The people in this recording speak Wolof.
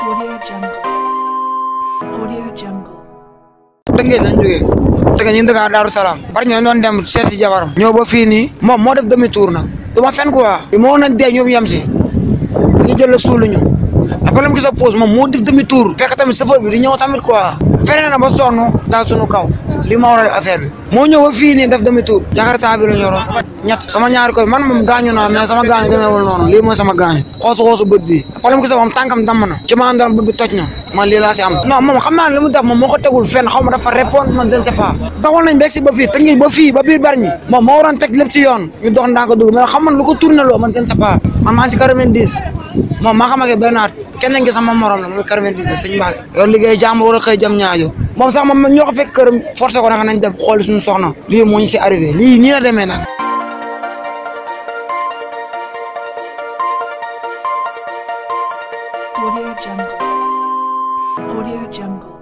Audio Jungle. Audio Jungle. tëngéej lañ jógee tëngéej ñu ngi dëkk Daaru Salaam bari ñoo doon dem seeti jabaram ñëw ba fii nii moom moo def demi tuur na du ma fen quoi moo nañ dee ñoom yem si ñu jël la suulu ñu après mu gis sa pause moom moo def demi tuur fekk tamit chauffeur bi di ñëw tamit quoi feneen na ba sonn daal kaw li ma waral affaire bi moo ñëw ba fii nii def demi tour jakarta bi la ñoroon sama ñaari koy man moom gaañu naa mais sama gaañu demeewul lii mooy sama gaañu xoosu xoosu bët bi problème ki sa moom tànkam damm na ci maan dam bët bi toj na man lii laa si am non moom xam naa ne li mu def moom moo ko tegul fenn xaw ma dafa répondre man je ne sais pas doxal nañ beeg si ba fii teg ngi ba fii ba biir barñi yoon ñu dox ndaa ko dugg mais xam man lu ko tourné moom maa xamake benn at kenn ngi sama morom la moom 90 sëñ Mbacke yow liggéey a xëy jam moom sax mom ñoko fek fekk forcé ko nag nañ def xol suñu soxna li moo ñu si arrivé li nii la démé nak Audio Jungle. Audio Jungle.